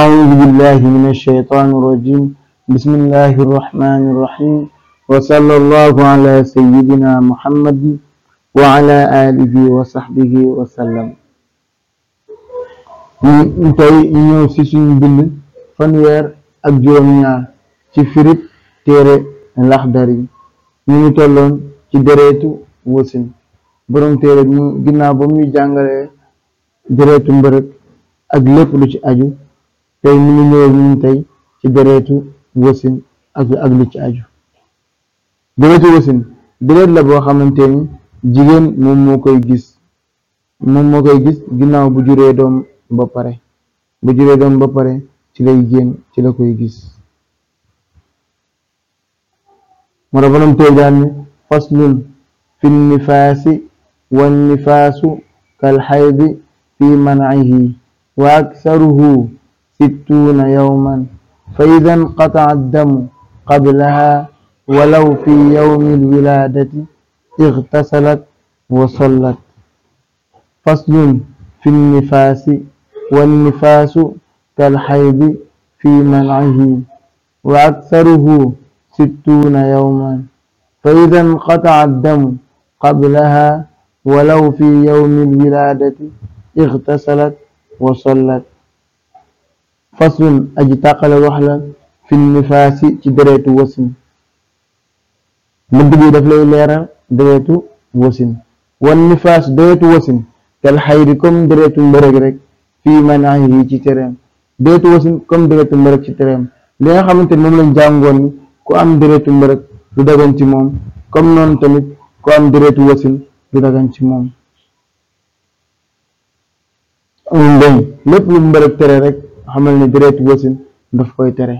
أعوذ بالله من الشيطان الرجيم بسم الله الرحمن الرحيم وصلى الله على سيدنا محمد وعلى آله وصحبه وسلم ñu tey ñu ñëw ci suñu bind fanweer ak juróom-ñaar ci firib téere Laxdari ñu ñu tolloon ci dereetu wasin borom téere bi ginnaaw ba muy jàngale dereetu mbërëg ak lépp lu ci aju tey mu ngi ñëwee ñun tey ci deretu wasin ak ak ci aju deretu wasin dereet la boo xamante jigéen moom moo koy gis moom moo koy gis ginnaaw bu juree doom ba pare bu juree doom ba pare ci lay génn ci la koy gis mara banam tey daan ni faslun fi nifaasi wan nifaasu kal xaydi fi man'ihi wa aksaruhu ستون يوما فإذا انقطع الدم قبلها ولو في يوم الولادة اغتسلت وصلت فصل في النفاس والنفاس كالحيض في منعه وأكثره ستون يوما فإذا انقطع الدم قبلها ولو في يوم الولادة اغتسلت وصلت faslun aji tàqale wax la fi nifaasi ci deretu wasin mëdd bi daf lay leeral deretu wasin wan nifaas deretu wasin tel xayri comme deretu mbërëg rek fii manaahi ci tereem deretu wasin comme deretu mbërëg ci tereem li nga xamante ni moom lañ jàngoon ku am deretu mbërëg du dagan ci moom comme noonu tamit ku am deretu wasin du dagan ci moom lépp lu mbërëg tere rek xamal ni deretu wasin daf koy tere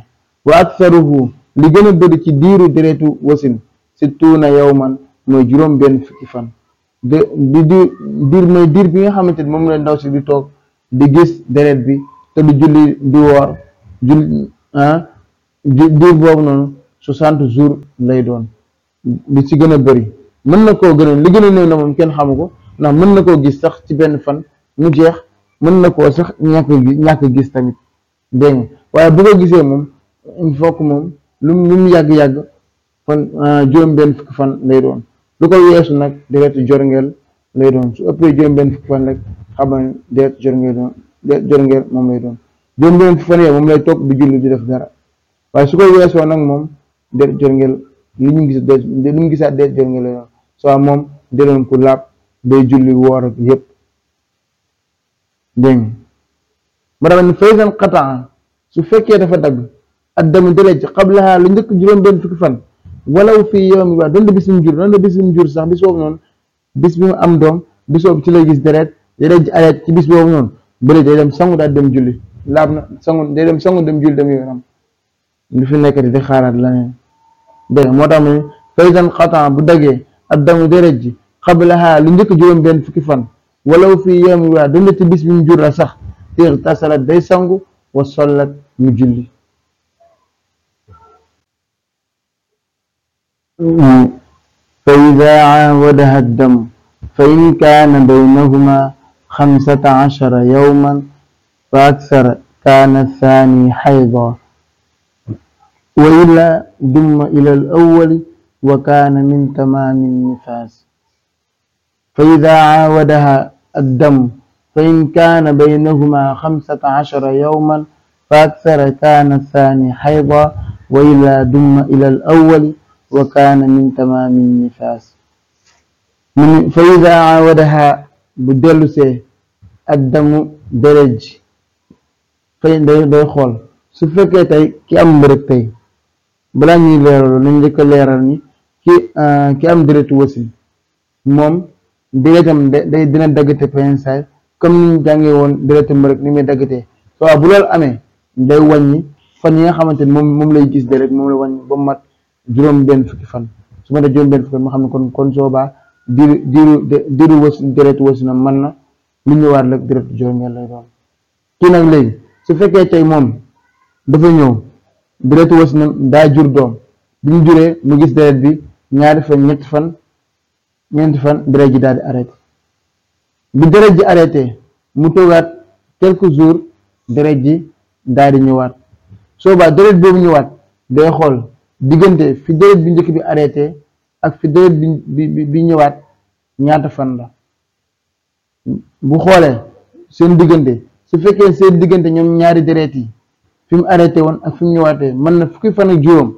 wa aksaruhu li gën a bëri ci diiru deretu wasin sittuuna yawman mooy juróom benn fukki fan de di diir mooy diir bi nga xamante ni moom la ndaw si di toog di gis deret bi te du julli di woor jul ah diir boobu noonu soixante jours lay doon li ci gën a bëri mën na koo gënoon li gën a néew na moom kenn xamu ko ndax mën na koo gis sax ci benn fan mu jeex mën na koo sax ñàkk gis ñàkk gis tamit dégg nga waaye bu ko gisee moom il moom lu mu yàgg-yàgg fan ah, juróom-benn fukki fan lay doon lu ko weesu nag deretu jorngeel lay doon su ëppee juróom-benn fukki fan rek xamal ne deretu jorngeel doon deretu jorngeel moom lay doon juróom-benn fukki fan yee moom lay toog bi julli di def dara waaye su ko weesoo nag moom deretu jorngeel li ñu gis li ñu gisaat deretu jorngeel lay doon soo moom deloon ku laab day julli woor ak yépp dégg ma dama ni faysan qataa su fekkee dafa dagg addamu deret qablaha lu njëkk juróom benn fukki fan walaw fii yawmi ba doon da bisim jur doon da bisim jur sax bis boobu noonu bis bi am doom bis boobu ci lay gis deret deret ji areet ci bis boobu noonu dem sangu dem julli laab na sangu day dem sangu dem julli dem fi nekkati di xaaraat la ne moo tax mu faysan qataa bu daggee addamu deret ji qablaha lu njëkk juróom benn fukki fan walaw fii yawmi ba doon da ci bis bi mu la sax irtasalat day sangu wa sollat mu julli fa ida aawadaha ddamu fa in kaana baynahuma xamsata ashara yowman fa aksara kaana thaani xayda wa ila dumma ila alawali wa kaana min tamaami nifaas fa ida aawadaha addamu فإن كان بينهما خمسة عشر يوما فأكثر كان الثاني حيضا وإذا دم إلى الأول وكان من تمام النفاس فإذا عاودها بدلسه الدم درج فإن day xool su fekkee tey ki am mbërëg tey balaa ñuy leeral nañ njëkk a leeral ni ki ah, ki am dëretu wasin moom deretam day dina daggate pensaay comme jàngee woon deret mbërëg ni muy daggatee soit bu loolu amee day wàññi fan yi nga xamante ni moom moom lay gis deret moom la wàññi ba mu mat benn fukki su ma def juróom benn fukki xam ne kon kon soobaa diiru diiru diiru was deret wasu na mën na lu ñëwaat rek deret juróom-ñeent lay doon kii nag léegi su fekkee tey moom dafa ñëw deret wasu na daa jur doom bi mu juree mu gis deret bi ñaari fan ñetti fan ñeenti fan deret ji daal di arrêté bu deret ji arrêté mu toogaat quelques jours deret ji daal di ñëwaat sooba deret boobu ñëwaat day xool diggante fi deret bi njëkk bi arrêté ak fi deret bi bi ñëwaat ñaata fan la bu xoolee seen diggante su fekkee seen diggante ñoom ñaari deret yi fi mu arrêté woon ak fi mu ñëwaatee mën na fukki fan ak juróom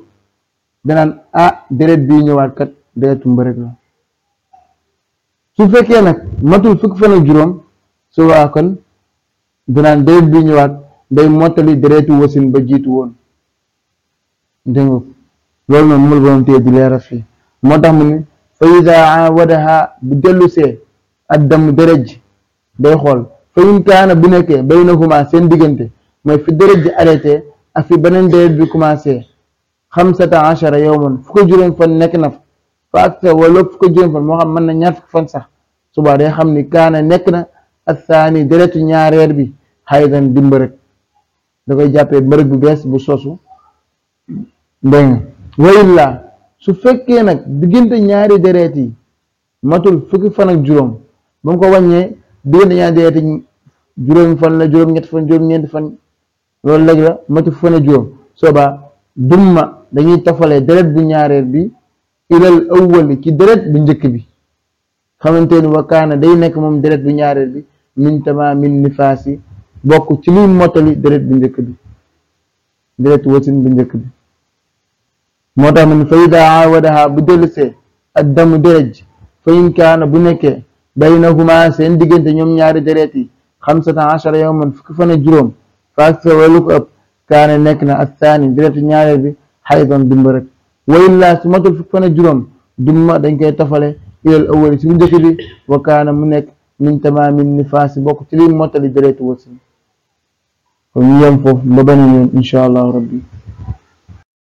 danaan ah deret bii ñëwaat kat deretu mbërëg la su fekkee nag matul fukk fan ak juróom su waa kon danaan deret bi ñëwaat day mottali deretu wasin ba jiitu woon dégg nga loolu noonu mul borom téye di leeral fii moo tax mu ne fa idaa wadaha bu dellusee addam deret ji day xool fa in kaana bu nekkee baynahuma seen diggante mooy fi deret ji arrêté ak fi beneen deret bi commencé xamsata achara yowman fukk juróom fan nekk na fa aktar wala ëpp ko juróom fan moo xam man na ñaar fukki fan sax subaa day xam ni kaana nekk na ak saa asaani deretu ñaareel bi xaydan di mbërëg da koy jàppee mbërëg bu bees bu soosu dégg wa illa su fekkee nag diggante ñaari dereet yi matul fukki fan ak juróom ba mu ko wàññee diggante ñaari dereet yi juróomi fan la juróom ñetti fan juróom ñeenti loolu la matul fan a juróom sooba dumma dañuy tafalee deret bu ñaareel bi ilal awwali ci deret bu njëkk bi xamante ni wakaana day nekk moom deret bu ñaareel bi min tamaamin nifaasi bokk ci luy mottali deret bu njëkk bi deret wasin bu njëkk bi moo tax man fa ida aawadaha bu dellusee ak damu deraj fa kaana bu nekkee baynahuma seen diggante ñoom ñaari deret yi xamsata achara yawman fukki fan juróom fa ak sa wala lu kaana nekk na ak saani deretu ñaareel bi xaydan dimba rek wo illaa su matul fukk fan ak juróom dumma dañ koy tofale ilal awwali si mu njëkk bi wa kaana mu min tamaamin nifaas bokk ci li mottali dereetu wasin kon ñu yem foofu ba beneen yoon incha allahu rabbi